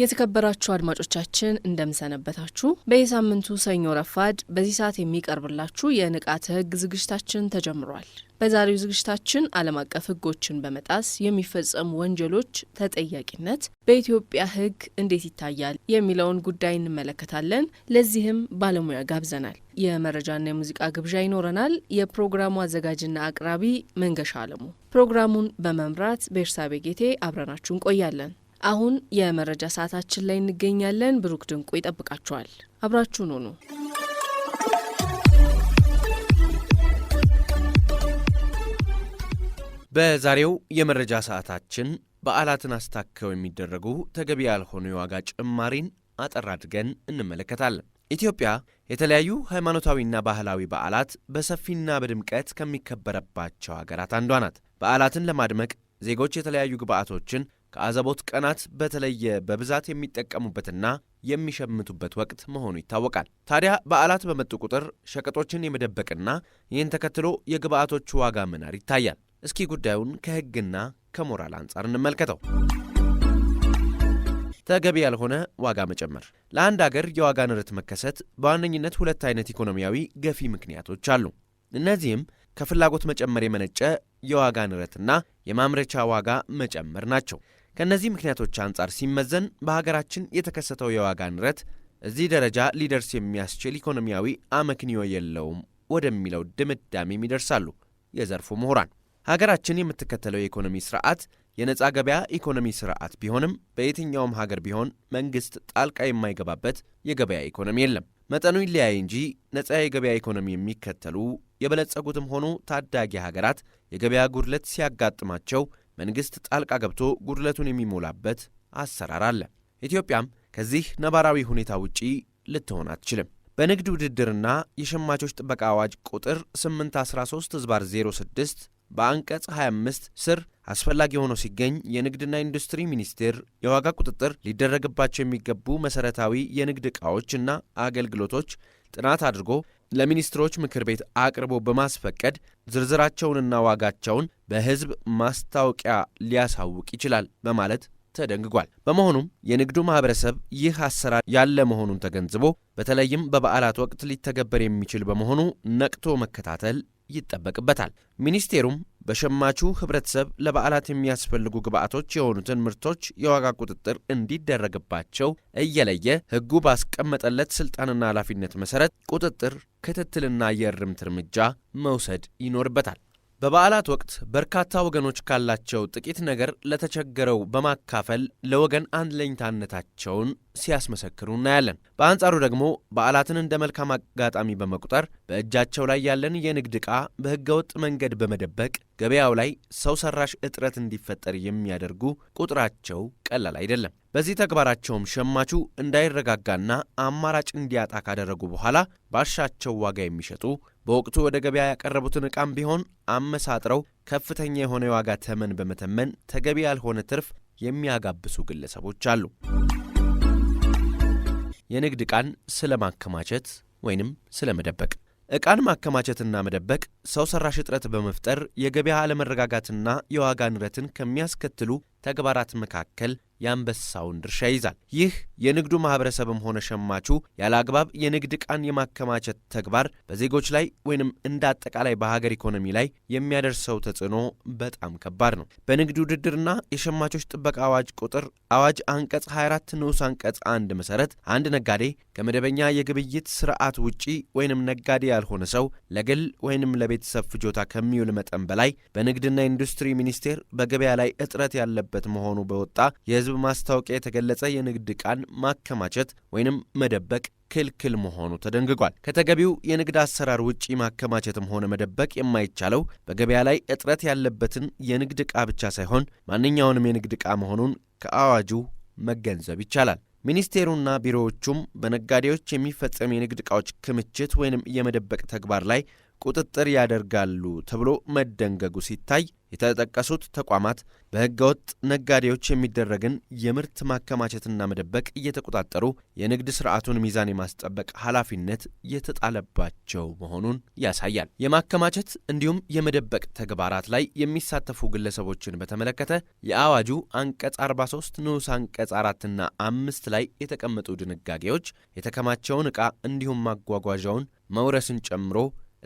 የተከበራችሁ አድማጮቻችን እንደምሰነበታችሁ። በየሳምንቱ ሰኞ ረፋድ በዚህ ሰዓት የሚቀርብላችሁ የንቃተ ህግ ዝግጅታችን ተጀምሯል። በዛሬው ዝግጅታችን ዓለም አቀፍ ሕጎችን በመጣስ የሚፈጸሙ ወንጀሎች ተጠያቂነት በኢትዮጵያ ህግ እንዴት ይታያል የሚለውን ጉዳይ እንመለከታለን። ለዚህም ባለሙያ ጋብዘናል። የመረጃና የሙዚቃ ግብዣ ይኖረናል። የፕሮግራሙ አዘጋጅና አቅራቢ መንገሻ አለሙ፣ ፕሮግራሙን በመምራት ቤርሳቤ ጌቴ አብረናችሁ እንቆያለን። አሁን የመረጃ ሰዓታችን ላይ እንገኛለን። ብሩክ ድንቁ ይጠብቃችኋል። አብራችሁን ሁኑ። በዛሬው የመረጃ ሰዓታችን በዓላትን አስታከው የሚደረጉ ተገቢ ያልሆኑ የዋጋ ጭማሪን አጠር አድርገን እንመለከታለን። ኢትዮጵያ የተለያዩ ሃይማኖታዊና ባህላዊ በዓላት በሰፊና በድምቀት ከሚከበረባቸው ሀገራት አንዷ ናት። በዓላትን ለማድመቅ ዜጎች የተለያዩ ግብዓቶችን ከአዘቦት ቀናት በተለየ በብዛት የሚጠቀሙበትና የሚሸምቱበት ወቅት መሆኑ ይታወቃል። ታዲያ በዓላት በመጡ ቁጥር ሸቀጦችን የመደበቅና ይህን ተከትሎ የግብዓቶቹ ዋጋ መናር ይታያል። እስኪ ጉዳዩን ከሕግና ከሞራል አንጻር እንመልከተው። ተገቢ ያልሆነ ዋጋ መጨመር። ለአንድ አገር የዋጋ ንረት መከሰት በዋነኝነት ሁለት አይነት ኢኮኖሚያዊ ገፊ ምክንያቶች አሉ። እነዚህም ከፍላጎት መጨመር የመነጨ የዋጋ ንረትና የማምረቻ ዋጋ መጨመር ናቸው። ከእነዚህ ምክንያቶች አንጻር ሲመዘን በሀገራችን የተከሰተው የዋጋ ንረት እዚህ ደረጃ ሊደርስ የሚያስችል ኢኮኖሚያዊ አመክንዮ የለውም ወደሚለው ድምዳሜም ይደርሳሉ የዘርፉ ምሁራን። ሀገራችን የምትከተለው የኢኮኖሚ ስርዓት የነፃ ገበያ ኢኮኖሚ ስርዓት ቢሆንም በየትኛውም ሀገር ቢሆን መንግስት ጣልቃ የማይገባበት የገበያ ኢኮኖሚ የለም። መጠኑ ይለያይ እንጂ ነፃ የገበያ ኢኮኖሚ የሚከተሉ የበለጸጉትም ሆኑ ታዳጊ ሀገራት የገበያ ጉድለት ሲያጋጥማቸው መንግሥት ጣልቃ ገብቶ ጉድለቱን የሚሞላበት አሰራር አለ። ኢትዮጵያም ከዚህ ነባራዊ ሁኔታ ውጪ ልትሆን አትችልም። በንግድ ውድድርና የሸማቾች ጥበቃ አዋጅ ቁጥር 813 ዝባር 06 በአንቀጽ 25 ስር አስፈላጊ ሆኖ ሲገኝ የንግድና ኢንዱስትሪ ሚኒስቴር የዋጋ ቁጥጥር ሊደረግባቸው የሚገቡ መሠረታዊ የንግድ ዕቃዎች እና አገልግሎቶች ጥናት አድርጎ ለሚኒስትሮች ምክር ቤት አቅርቦ በማስፈቀድ ዝርዝራቸውንና ዋጋቸውን በሕዝብ ማስታወቂያ ሊያሳውቅ ይችላል በማለት ተደንግጓል። በመሆኑም የንግዱ ማህበረሰብ ይህ አሰራር ያለ መሆኑን ተገንዝቦ በተለይም በበዓላት ወቅት ሊተገበር የሚችል በመሆኑ ነቅቶ መከታተል ይጠበቅበታል። ሚኒስቴሩም በሸማቹ ህብረተሰብ ለበዓላት የሚያስፈልጉ ግብዓቶች የሆኑትን ምርቶች የዋጋ ቁጥጥር እንዲደረግባቸው እየለየ ህጉ ባስቀመጠለት ስልጣንና ኃላፊነት መሰረት ቁጥጥር፣ ክትትልና የእርምት እርምጃ መውሰድ ይኖርበታል። በበዓላት ወቅት በርካታ ወገኖች ካላቸው ጥቂት ነገር ለተቸገረው በማካፈል ለወገን አንድለኝታነታቸውን ሲያስመሰክሩ እናያለን። በአንጻሩ ደግሞ በዓላትን እንደ መልካም አጋጣሚ በመቁጠር በእጃቸው ላይ ያለን የንግድ ዕቃ በህገወጥ መንገድ በመደበቅ ገበያው ላይ ሰው ሰራሽ እጥረት እንዲፈጠር የሚያደርጉ ቁጥራቸው ቀላል አይደለም። በዚህ ተግባራቸውም ሸማቹ እንዳይረጋጋና አማራጭ እንዲያጣ ካደረጉ በኋላ ባሻቸው ዋጋ የሚሸጡ በወቅቱ ወደ ገበያ ያቀረቡትን ዕቃም ቢሆን አመሳጥረው ከፍተኛ የሆነ የዋጋ ተመን በመተመን ተገቢ ያልሆነ ትርፍ የሚያጋብሱ ግለሰቦች አሉ። የንግድ ዕቃን ስለ ማከማቸት ወይንም ስለ መደበቅ ዕቃን ማከማቸትና መደበቅ ሰው ሰራሽ እጥረት በመፍጠር የገበያ አለመረጋጋትና የዋጋ ንረትን ከሚያስከትሉ ተግባራት መካከል የአንበሳውን ድርሻ ይዛል። ይህ የንግዱ ማህበረሰብም ሆነ ሸማቹ ያለ አግባብ የንግድ ዕቃን የማከማቸት ተግባር በዜጎች ላይ ወይንም እንደ አጠቃላይ በሀገር ኢኮኖሚ ላይ የሚያደርሰው ተጽዕኖ በጣም ከባድ ነው። በንግድ ውድድርና የሸማቾች ጥበቃ አዋጅ ቁጥር አዋጅ አንቀጽ 24 ንዑስ አንቀጽ አንድ መሰረት አንድ ነጋዴ ከመደበኛ የግብይት ስርዓት ውጪ ወይንም ነጋዴ ያልሆነ ሰው ለግል ወይንም ለቤተሰብ ፍጆታ ከሚውል መጠን በላይ በንግድና ኢንዱስትሪ ሚኒስቴር በገበያ ላይ እጥረት ያለበት ያለበት መሆኑ በወጣ የህዝብ ማስታወቂያ የተገለጸ የንግድ ዕቃን ማከማቸት ወይንም መደበቅ ክልክል መሆኑ ተደንግጓል። ከተገቢው የንግድ አሰራር ውጪ ማከማቸትም ሆነ መደበቅ የማይቻለው በገበያ ላይ እጥረት ያለበትን የንግድ ዕቃ ብቻ ሳይሆን ማንኛውንም የንግድ ዕቃ መሆኑን ከአዋጁ መገንዘብ ይቻላል። ሚኒስቴሩና ቢሮዎቹም በነጋዴዎች የሚፈጸም የንግድ ዕቃዎች ክምችት ወይንም የመደበቅ ተግባር ላይ ቁጥጥር ያደርጋሉ ተብሎ መደንገጉ ሲታይ የተጠቀሱት ተቋማት በህገወጥ ነጋዴዎች የሚደረግን የምርት ማከማቸትና መደበቅ እየተቆጣጠሩ የንግድ ስርዓቱን ሚዛን የማስጠበቅ ኃላፊነት የተጣለባቸው መሆኑን ያሳያል። የማከማቸት እንዲሁም የመደበቅ ተግባራት ላይ የሚሳተፉ ግለሰቦችን በተመለከተ የአዋጁ አንቀጽ 43 ንዑስ አንቀጽ 4ና አምስት ላይ የተቀመጡ ድንጋጌዎች የተከማቸውን ዕቃ እንዲሁም ማጓጓዣውን መውረስን ጨምሮ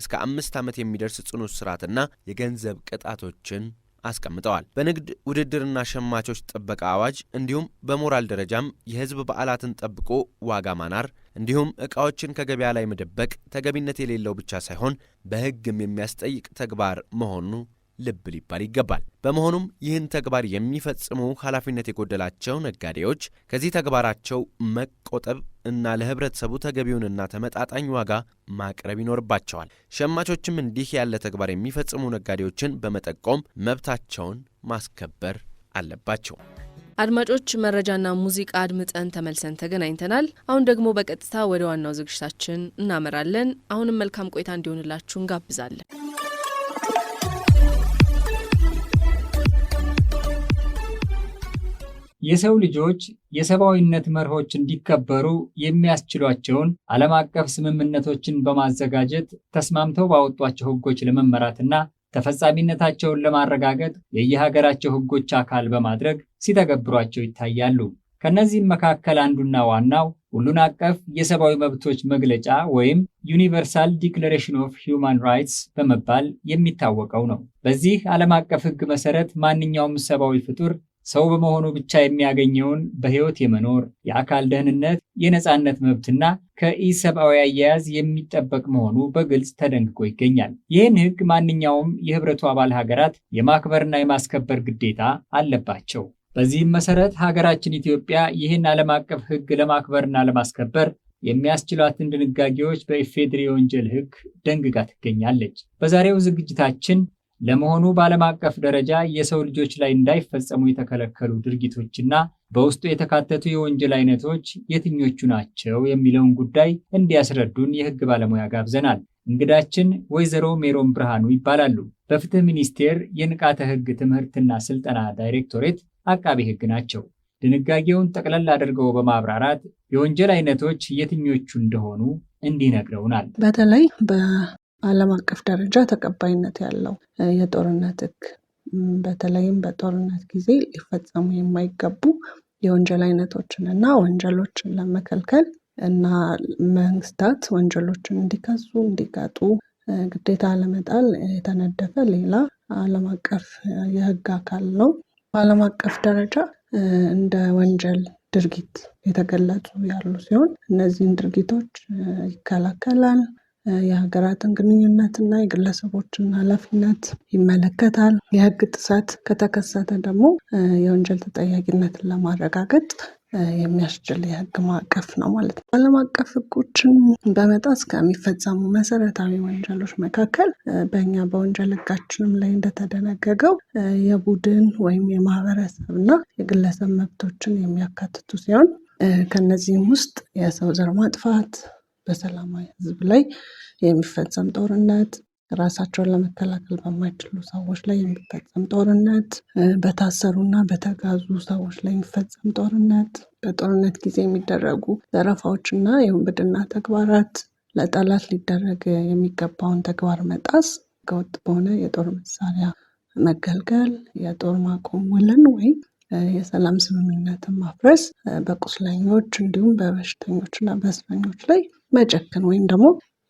እስከ አምስት ዓመት የሚደርስ ጽኑ እስራትና የገንዘብ ቅጣቶችን አስቀምጠዋል። በንግድ ውድድርና ሸማቾች ጥበቃ አዋጅ እንዲሁም በሞራል ደረጃም የሕዝብ በዓላትን ጠብቆ ዋጋ ማናር እንዲሁም እቃዎችን ከገበያ ላይ መደበቅ ተገቢነት የሌለው ብቻ ሳይሆን በሕግም የሚያስጠይቅ ተግባር መሆኑ ልብ ሊባል ይገባል። በመሆኑም ይህን ተግባር የሚፈጽሙ ኃላፊነት የጎደላቸው ነጋዴዎች ከዚህ ተግባራቸው መቆጠብ እና ለህብረተሰቡ ተገቢውንና ተመጣጣኝ ዋጋ ማቅረብ ይኖርባቸዋል። ሸማቾችም እንዲህ ያለ ተግባር የሚፈጽሙ ነጋዴዎችን በመጠቆም መብታቸውን ማስከበር አለባቸው። አድማጮች፣ መረጃና ሙዚቃ አድምጠን ተመልሰን ተገናኝተናል። አሁን ደግሞ በቀጥታ ወደ ዋናው ዝግጅታችን እናመራለን። አሁንም መልካም ቆይታ እንዲሆንላችሁ እንጋብዛለን። የሰው ልጆች የሰብአዊነት መርሆች እንዲከበሩ የሚያስችሏቸውን ዓለም አቀፍ ስምምነቶችን በማዘጋጀት ተስማምተው ባወጧቸው ህጎች ለመመራትና ተፈጻሚነታቸውን ለማረጋገጥ የየሀገራቸው ህጎች አካል በማድረግ ሲተገብሯቸው ይታያሉ። ከእነዚህም መካከል አንዱና ዋናው ሁሉን አቀፍ የሰብአዊ መብቶች መግለጫ ወይም ዩኒቨርሳል ዲክለሬሽን ኦፍ ሂውማን ራይትስ በመባል የሚታወቀው ነው። በዚህ ዓለም አቀፍ ህግ መሰረት ማንኛውም ሰብአዊ ፍጡር ሰው በመሆኑ ብቻ የሚያገኘውን በሕይወት የመኖር የአካል ደህንነት፣ የነፃነት መብትና ከኢሰብአዊ አያያዝ የሚጠበቅ መሆኑ በግልጽ ተደንግጎ ይገኛል። ይህን ሕግ ማንኛውም የህብረቱ አባል ሀገራት የማክበርና የማስከበር ግዴታ አለባቸው። በዚህም መሰረት ሀገራችን ኢትዮጵያ ይህን ዓለም አቀፍ ሕግ ለማክበርና ለማስከበር የሚያስችሏትን ድንጋጌዎች በኢፌዴሪ የወንጀል ሕግ ደንግጋ ትገኛለች። በዛሬው ዝግጅታችን ለመሆኑ በዓለም አቀፍ ደረጃ የሰው ልጆች ላይ እንዳይፈጸሙ የተከለከሉ ድርጊቶችና በውስጡ የተካተቱ የወንጀል አይነቶች የትኞቹ ናቸው የሚለውን ጉዳይ እንዲያስረዱን የሕግ ባለሙያ ጋብዘናል። እንግዳችን ወይዘሮ ሜሮን ብርሃኑ ይባላሉ። በፍትህ ሚኒስቴር የንቃተ ሕግ ትምህርትና ስልጠና ዳይሬክቶሬት አቃቢ ሕግ ናቸው። ድንጋጌውን ጠቅለል አድርገው በማብራራት የወንጀል አይነቶች የትኞቹ እንደሆኑ እንዲህ ነግረውናል። በተለይ ዓለም አቀፍ ደረጃ ተቀባይነት ያለው የጦርነት ሕግ በተለይም በጦርነት ጊዜ ሊፈጸሙ የማይገቡ የወንጀል አይነቶችን እና ወንጀሎችን ለመከልከል እና መንግስታት ወንጀሎችን እንዲከሱ እንዲቀጡ ግዴታ ለመጣል የተነደፈ ሌላ ዓለም አቀፍ የህግ አካል ነው። በዓለም አቀፍ ደረጃ እንደ ወንጀል ድርጊት የተገለጹ ያሉ ሲሆን እነዚህን ድርጊቶች ይከላከላል። የሀገራትን ግንኙነትና የግለሰቦችን ኃላፊነት ይመለከታል። የህግ ጥሰት ከተከሰተ ደግሞ የወንጀል ተጠያቂነትን ለማረጋገጥ የሚያስችል የህግ ማዕቀፍ ነው ማለት ነው። ዓለም አቀፍ ህጎችን በመጣስ ከሚፈጸሙ መሰረታዊ ወንጀሎች መካከል በእኛ በወንጀል ህጋችንም ላይ እንደተደነገገው የቡድን ወይም የማህበረሰብ እና የግለሰብ መብቶችን የሚያካትቱ ሲሆን ከነዚህም ውስጥ የሰው ዘር ማጥፋት በሰላማዊ ህዝብ ላይ የሚፈጸም ጦርነት፣ ራሳቸውን ለመከላከል በማይችሉ ሰዎች ላይ የሚፈጸም ጦርነት፣ በታሰሩ እና በተጋዙ ሰዎች ላይ የሚፈጸም ጦርነት፣ በጦርነት ጊዜ የሚደረጉ ዘረፋዎች እና የውንብድና ተግባራት፣ ለጠላት ሊደረግ የሚገባውን ተግባር መጣስ፣ ህገወጥ በሆነ የጦር መሳሪያ መገልገል፣ የጦር ማቆም ውልን ወይም የሰላም ስምምነትን ማፍረስ፣ በቁስለኞች እንዲሁም በበሽተኞች እና በእስረኞች ላይ መጨከን ወይም ደግሞ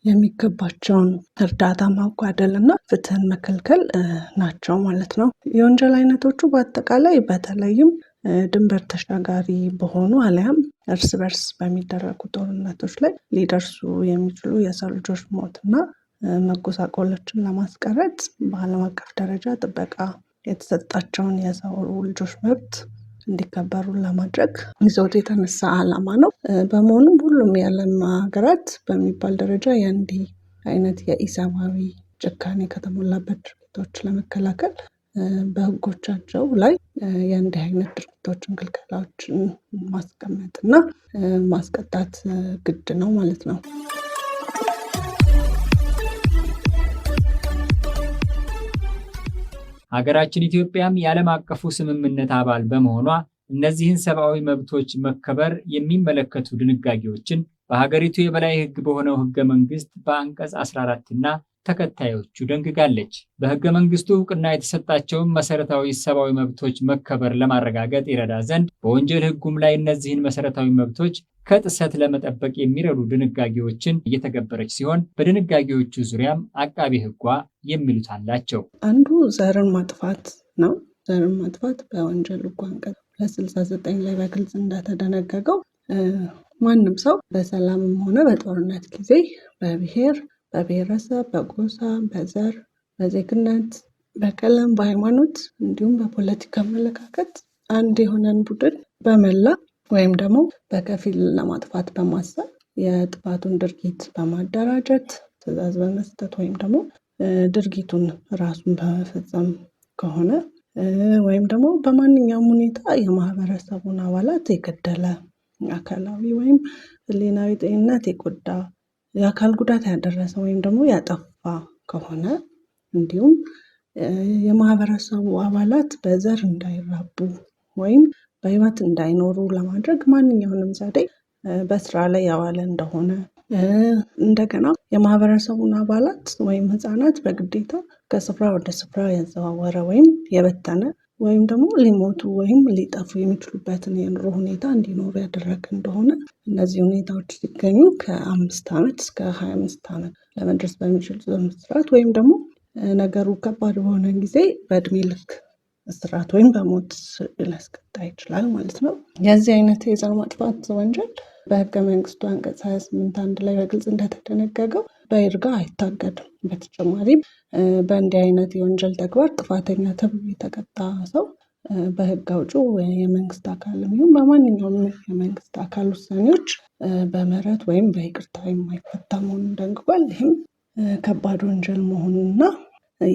የሚገባቸውን እርዳታ ማጓደል እና ፍትህን መከልከል ናቸው ማለት ነው። የወንጀል አይነቶቹ በአጠቃላይ በተለይም ድንበር ተሻጋሪ በሆኑ አሊያም እርስ በርስ በሚደረጉ ጦርነቶች ላይ ሊደርሱ የሚችሉ የሰው ልጆች ሞትና መጎሳቆሎችን ለማስቀረት በዓለም አቀፍ ደረጃ ጥበቃ የተሰጣቸውን የሰው ልጆች መብት እንዲከበሩ ለማድረግ ይዘውት የተነሳ ዓላማ ነው። በመሆኑም ሁሉም የዓለም ሀገራት በሚባል ደረጃ የእንዲህ አይነት የኢሰብአዊ ጭካኔ ከተሞላበት ድርጊቶች ለመከላከል በህጎቻቸው ላይ የእንዲህ አይነት ድርጊቶችን፣ ክልከላዎችን ማስቀመጥ እና ማስቀጣት ግድ ነው ማለት ነው። ሀገራችን ኢትዮጵያም የዓለም አቀፉ ስምምነት አባል በመሆኗ እነዚህን ሰብአዊ መብቶች መከበር የሚመለከቱ ድንጋጌዎችን በሀገሪቱ የበላይ ህግ በሆነው ህገ መንግስት በአንቀጽ 14 እና ተከታዮቹ ደንግጋለች። በህገ መንግስቱ እውቅና የተሰጣቸውን መሰረታዊ ሰብአዊ መብቶች መከበር ለማረጋገጥ ይረዳ ዘንድ በወንጀል ህጉም ላይ እነዚህን መሰረታዊ መብቶች ከጥሰት ለመጠበቅ የሚረዱ ድንጋጌዎችን እየተገበረች ሲሆን በድንጋጌዎቹ ዙሪያም አቃቢ ሕጓ የሚሉት አላቸው። አንዱ ዘርን ማጥፋት ነው። ዘርን ማጥፋት በወንጀል ሕግ አንቀጽ 269 ላይ በግልጽ እንደተደነገገው ማንም ሰው በሰላምም ሆነ በጦርነት ጊዜ በብሔር፣ በብሔረሰብ፣ በጎሳ፣ በዘር፣ በዜግነት፣ በቀለም፣ በሃይማኖት እንዲሁም በፖለቲካ አመለካከት አንድ የሆነን ቡድን በመላ ወይም ደግሞ በከፊል ለማጥፋት በማሰብ የጥፋቱን ድርጊት በማደራጀት ትዕዛዝ በመስጠት ወይም ደግሞ ድርጊቱን ራሱን በመፈጸም ከሆነ ወይም ደግሞ በማንኛውም ሁኔታ የማህበረሰቡን አባላት የገደለ አካላዊ ወይም ህሊናዊ ጤንነት የጎዳ የአካል ጉዳት ያደረሰ ወይም ደግሞ ያጠፋ ከሆነ እንዲሁም የማህበረሰቡ አባላት በዘር እንዳይራቡ ወይም በህይወት እንዳይኖሩ ለማድረግ ማንኛውንም ዘዴ በስራ ላይ ያዋለ እንደሆነ እንደገና የማህበረሰቡን አባላት ወይም ህፃናት በግዴታ ከስፍራ ወደ ስፍራ ያዘዋወረ ወይም የበተነ ወይም ደግሞ ሊሞቱ ወይም ሊጠፉ የሚችሉበትን የኑሮ ሁኔታ እንዲኖሩ ያደረገ እንደሆነ እነዚህ ሁኔታዎች ሲገኙ ከአምስት ዓመት እስከ ሀያ አምስት ዓመት ለመድረስ በሚችል እስራት ወይም ደግሞ ነገሩ ከባድ በሆነ ጊዜ በእድሜ ልክ እስራት ወይም በሞት ሊያስቀጣ ይችላል ማለት ነው። የዚህ አይነት የዘር ማጥፋት ወንጀል በህገ መንግስቱ አንቀጽ 28 አንድ ላይ በግልጽ እንደተደነገገው በይርጋ አይታገድም። በተጨማሪም በእንዲህ አይነት የወንጀል ተግባር ጥፋተኛ ተብሎ የተቀጣ ሰው በህግ አውጪው የመንግስት አካል ይሁን በማንኛውም የመንግስት አካል ውሳኔዎች በምህረት ወይም በይቅርታ የማይፈታ መሆኑን ደንግጓል። ይህም ከባድ ወንጀል መሆኑንና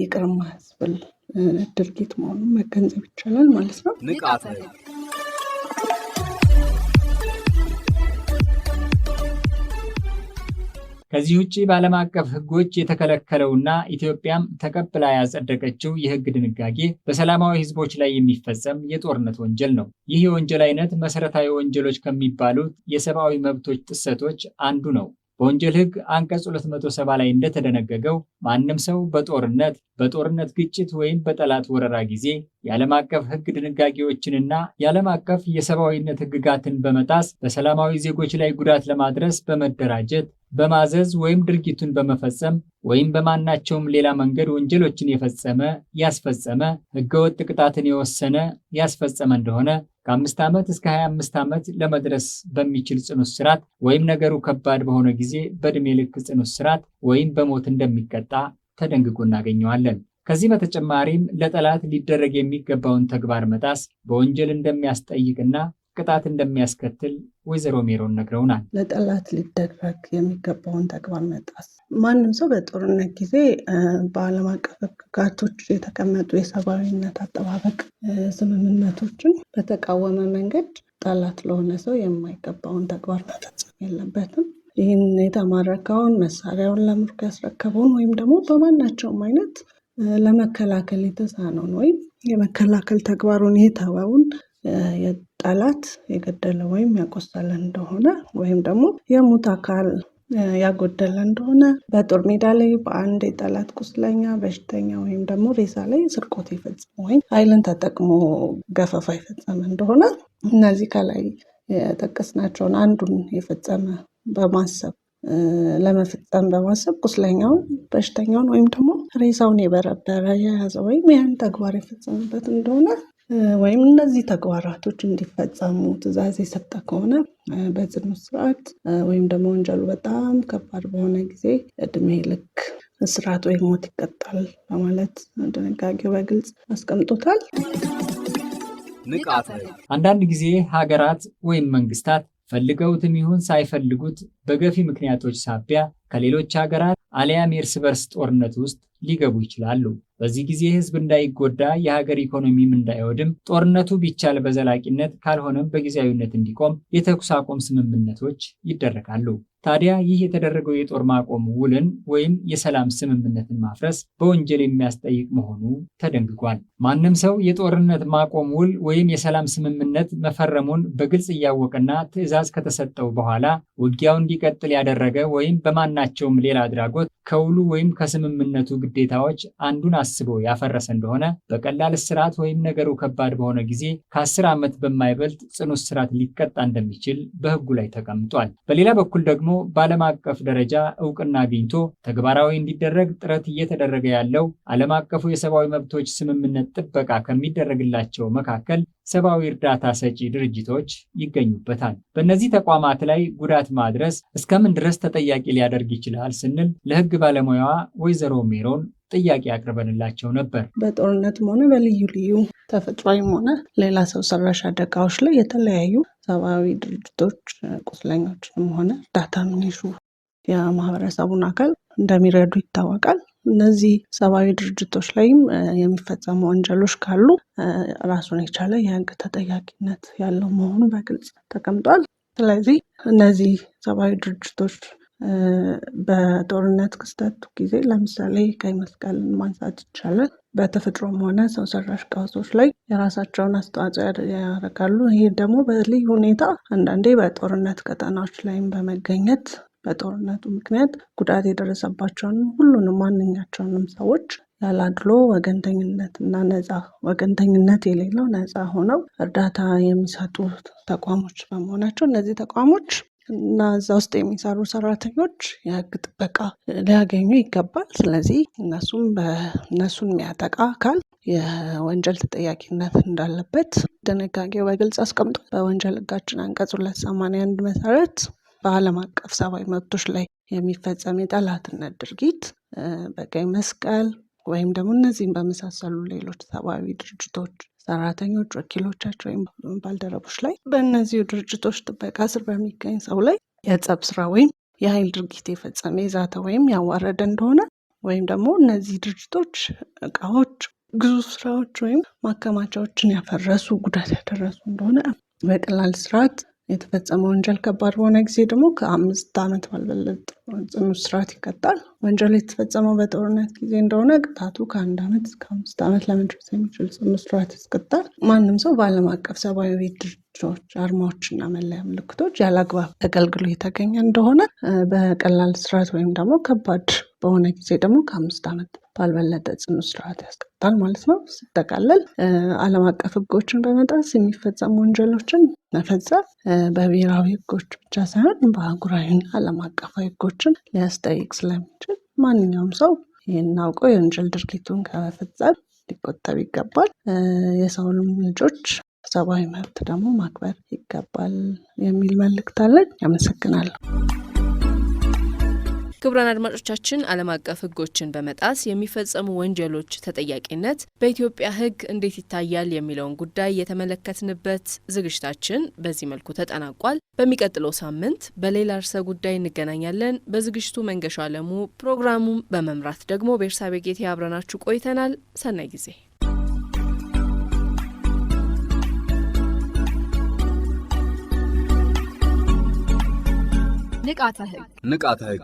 ይቅር ማያስብል ድርጊት መሆኑን መገንዘብ ይቻላል ማለት ነው። ንቃተ ከዚህ ውጭ በዓለም አቀፍ ህጎች የተከለከለውና ኢትዮጵያም ተቀብላ ያጸደቀችው የህግ ድንጋጌ በሰላማዊ ህዝቦች ላይ የሚፈጸም የጦርነት ወንጀል ነው። ይህ የወንጀል አይነት መሰረታዊ ወንጀሎች ከሚባሉት የሰብአዊ መብቶች ጥሰቶች አንዱ ነው። በወንጀል ህግ አንቀጽ 270 ላይ እንደተደነገገው ማንም ሰው በጦርነት በጦርነት ግጭት ወይም በጠላት ወረራ ጊዜ የዓለም አቀፍ ህግ ድንጋጌዎችንና የዓለም አቀፍ የሰብአዊነት ህግጋትን በመጣስ በሰላማዊ ዜጎች ላይ ጉዳት ለማድረስ በመደራጀት በማዘዝ ወይም ድርጊቱን በመፈጸም ወይም በማናቸውም ሌላ መንገድ ወንጀሎችን የፈጸመ ያስፈጸመ ህገወጥ ቅጣትን የወሰነ ያስፈጸመ እንደሆነ ከአምስት ዓመት እስከ 25 ዓመት ለመድረስ በሚችል ጽኑ እስራት ወይም ነገሩ ከባድ በሆነ ጊዜ በዕድሜ ልክ ጽኑ እስራት ወይም በሞት እንደሚቀጣ ተደንግጎ እናገኘዋለን። ከዚህ በተጨማሪም ለጠላት ሊደረግ የሚገባውን ተግባር መጣስ በወንጀል እንደሚያስጠይቅና ቅጣት እንደሚያስከትል ወይዘሮ ሜሮን ነግረውናል። ለጠላት ሊደረግ የሚገባውን ተግባር መጣስ ማንም ሰው በጦርነት ጊዜ በዓለም አቀፍ ሕግጋቶች የተቀመጡ የሰብአዊነት አጠባበቅ ስምምነቶችን በተቃወመ መንገድ ጠላት ለሆነ ሰው የማይገባውን ተግባር መፈጸም የለበትም። ይህን የተማረከውን መሳሪያውን ለምርኮ ያስረከበውን ወይም ደግሞ በማናቸውም አይነት ለመከላከል የተሳነውን ወይም የመከላከል ተግባሩን የተወውን ጠላት የገደለ ወይም ያቆሰለ እንደሆነ ወይም ደግሞ የሙት አካል ያጎደለ እንደሆነ በጦር ሜዳ ላይ በአንድ የጠላት ቁስለኛ፣ በሽተኛ ወይም ደግሞ ሬሳ ላይ ስርቆት የፈጸመ ወይም ኃይልን ተጠቅሞ ገፈፋ ይፈጸመ እንደሆነ እነዚህ ከላይ የጠቀስናቸውን አንዱን የፈጸመ በማሰብ ለመፈጸም በማሰብ ቁስለኛውን፣ በሽተኛውን ወይም ደግሞ ሬሳውን የበረበረ የያዘ ወይም ያን ተግባር የፈጸመበት እንደሆነ ወይም እነዚህ ተግባራቶች እንዲፈጸሙ ትእዛዝ የሰጠ ከሆነ በጽኑ እስራት ወይም ደግሞ ወንጀሉ በጣም ከባድ በሆነ ጊዜ እድሜ ልክ እስራት ወይም ሞት ይቀጣል በማለት ድንጋጌው በግልጽ አስቀምጦታል። ንቃት አንዳንድ ጊዜ ሀገራት ወይም መንግስታት ፈልገውትም ይሁን ሳይፈልጉት በገፊ ምክንያቶች ሳቢያ ከሌሎች ሀገራት አሊያም የእርስ በርስ ጦርነት ውስጥ ሊገቡ ይችላሉ። በዚህ ጊዜ ህዝብ እንዳይጎዳ የሀገር ኢኮኖሚም እንዳይወድም ጦርነቱ ቢቻል በዘላቂነት ካልሆነም በጊዜያዊነት እንዲቆም የተኩስ አቁም ስምምነቶች ይደረጋሉ። ታዲያ ይህ የተደረገው የጦር ማቆም ውልን ወይም የሰላም ስምምነትን ማፍረስ በወንጀል የሚያስጠይቅ መሆኑ ተደንግጓል። ማንም ሰው የጦርነት ማቆም ውል ወይም የሰላም ስምምነት መፈረሙን በግልጽ እያወቀና ትዕዛዝ ከተሰጠው በኋላ ውጊያው እንዲቀጥል ያደረገ ወይም በማናቸውም ሌላ አድራጎት ከውሉ ወይም ከስምምነቱ ግዴታዎች አንዱን አስቦ ያፈረሰ እንደሆነ በቀላል እስራት ወይም ነገሩ ከባድ በሆነ ጊዜ ከአስር ዓመት በማይበልጥ ጽኑ እስራት ሊቀጣ እንደሚችል በሕጉ ላይ ተቀምጧል። በሌላ በኩል ደግሞ በዓለም አቀፍ ደረጃ እውቅና አግኝቶ ተግባራዊ እንዲደረግ ጥረት እየተደረገ ያለው ዓለም አቀፉ የሰብአዊ መብቶች ስምምነት ጥበቃ ከሚደረግላቸው መካከል ሰብአዊ እርዳታ ሰጪ ድርጅቶች ይገኙበታል። በእነዚህ ተቋማት ላይ ጉዳት ማድረስ እስከምን ድረስ ተጠያቂ ሊያደርግ ይችላል ስንል ለህግ ባለሙያዋ ወይዘሮ ሜሮን ጥያቄ አቅርበንላቸው ነበር። በጦርነትም ሆነ በልዩ ልዩ ተፈጥሯዊም ሆነ ሌላ ሰው ሰራሽ አደጋዎች ላይ የተለያዩ ሰብአዊ ድርጅቶች ቁስለኞችንም ሆነ እርዳታ የሚሹ የማህበረሰቡን አካል እንደሚረዱ ይታወቃል። እነዚህ ሰብአዊ ድርጅቶች ላይም የሚፈጸሙ ወንጀሎች ካሉ ራሱን የቻለ የህግ ተጠያቂነት ያለው መሆኑ በግልጽ ተቀምጧል። ስለዚህ እነዚህ ሰብአዊ ድርጅቶች በጦርነት ክስተት ጊዜ ለምሳሌ ቀይ መስቀልን ማንሳት ይቻላል። በተፈጥሮም ሆነ ሰው ሰራሽ ቀውሶች ላይ የራሳቸውን አስተዋጽኦ ያደርጋሉ። ይህ ደግሞ በልዩ ሁኔታ አንዳንዴ በጦርነት ቀጠናዎች ላይም በመገኘት በጦርነቱ ምክንያት ጉዳት የደረሰባቸውን ሁሉንም ማንኛቸውንም ሰዎች ያላድሎ ወገንተኝነት እና ነጻ ወገንተኝነት የሌለው ነጻ ሆነው እርዳታ የሚሰጡ ተቋሞች በመሆናቸው እነዚህ ተቋሞች እና እዛ ውስጥ የሚሰሩ ሰራተኞች የህግ ጥበቃ ሊያገኙ ይገባል። ስለዚህ እነሱም በእነሱን የሚያጠቃ አካል የወንጀል ተጠያቂነት እንዳለበት ድንጋጌው በግልጽ አስቀምጧል። በወንጀል ህጋችን አንቀጽ ሁለት ሰማንያ አንድ መሰረት በዓለም አቀፍ ሰብአዊ መብቶች ላይ የሚፈጸም የጠላትነት ድርጊት በቀይ መስቀል ወይም ደግሞ እነዚህም በመሳሰሉ ሌሎች ሰብአዊ ድርጅቶች ሰራተኞች፣ ወኪሎቻቸው ወይም ባልደረቦች ላይ በእነዚሁ ድርጅቶች ጥበቃ ስር በሚገኝ ሰው ላይ የጸብ ስራ ወይም የኃይል ድርጊት የፈጸመ የዛተ ወይም ያዋረደ እንደሆነ ወይም ደግሞ እነዚህ ድርጅቶች እቃዎች፣ ግዙፍ ስራዎች ወይም ማከማቻዎችን ያፈረሱ፣ ጉዳት ያደረሱ እንደሆነ በቀላል ስርዓት የተፈጸመ ወንጀል ከባድ በሆነ ጊዜ ደግሞ ከአምስት ዓመት ባልበለጠ ጽኑ እስራት ይቀጣል። ወንጀል የተፈጸመው በጦርነት ጊዜ እንደሆነ ቅጣቱ ከአንድ ዓመት እስከ አምስት ዓመት ለመድረስ የሚችል ጽኑ እስራት ያስቀጣል። ማንም ሰው በዓለም አቀፍ ሰብአዊ ድርጅቶች አርማዎችና መለያ ምልክቶች ያለ አግባብ ተገልግሎ የተገኘ እንደሆነ በቀላል እስራት ወይም ደግሞ ከባድ በሆነ ጊዜ ደግሞ ከአምስት ዓመት ባልበለጠ ጽኑ እስራት ያስቀጣል ማለት ነው። ሲጠቃለል ዓለም አቀፍ ህጎችን በመጣስ የሚፈጸሙ ወንጀሎችን መፈጸም በብሔራዊ ህጎች ብቻ ሳይሆን በአህጉራዊና ዓለም አቀፋዊ ህጎችን ሊያስጠይቅ ስለሚችል ማንኛውም ሰው ይህን የወንጀል ድርጊቱን ከመፈጸም ሊቆጠብ ይገባል። የሰውንም ልጆች ሰብአዊ መብት ደግሞ ማክበር ይገባል የሚል መልእክት አለን። ክቡራን አድማጮቻችን ዓለም አቀፍ ሕጎችን በመጣስ የሚፈጸሙ ወንጀሎች ተጠያቂነት በኢትዮጵያ ሕግ እንዴት ይታያል የሚለውን ጉዳይ የተመለከትንበት ዝግጅታችን በዚህ መልኩ ተጠናቋል። በሚቀጥለው ሳምንት በሌላ እርሰ ጉዳይ እንገናኛለን። በዝግጅቱ መንገሻ አለሙ፣ ፕሮግራሙን በመምራት ደግሞ ቤርሳቤ ጌቴ አብረናችሁ ቆይተናል። ሰናይ ጊዜ ንቃተ ህግ ንቃተ ህግ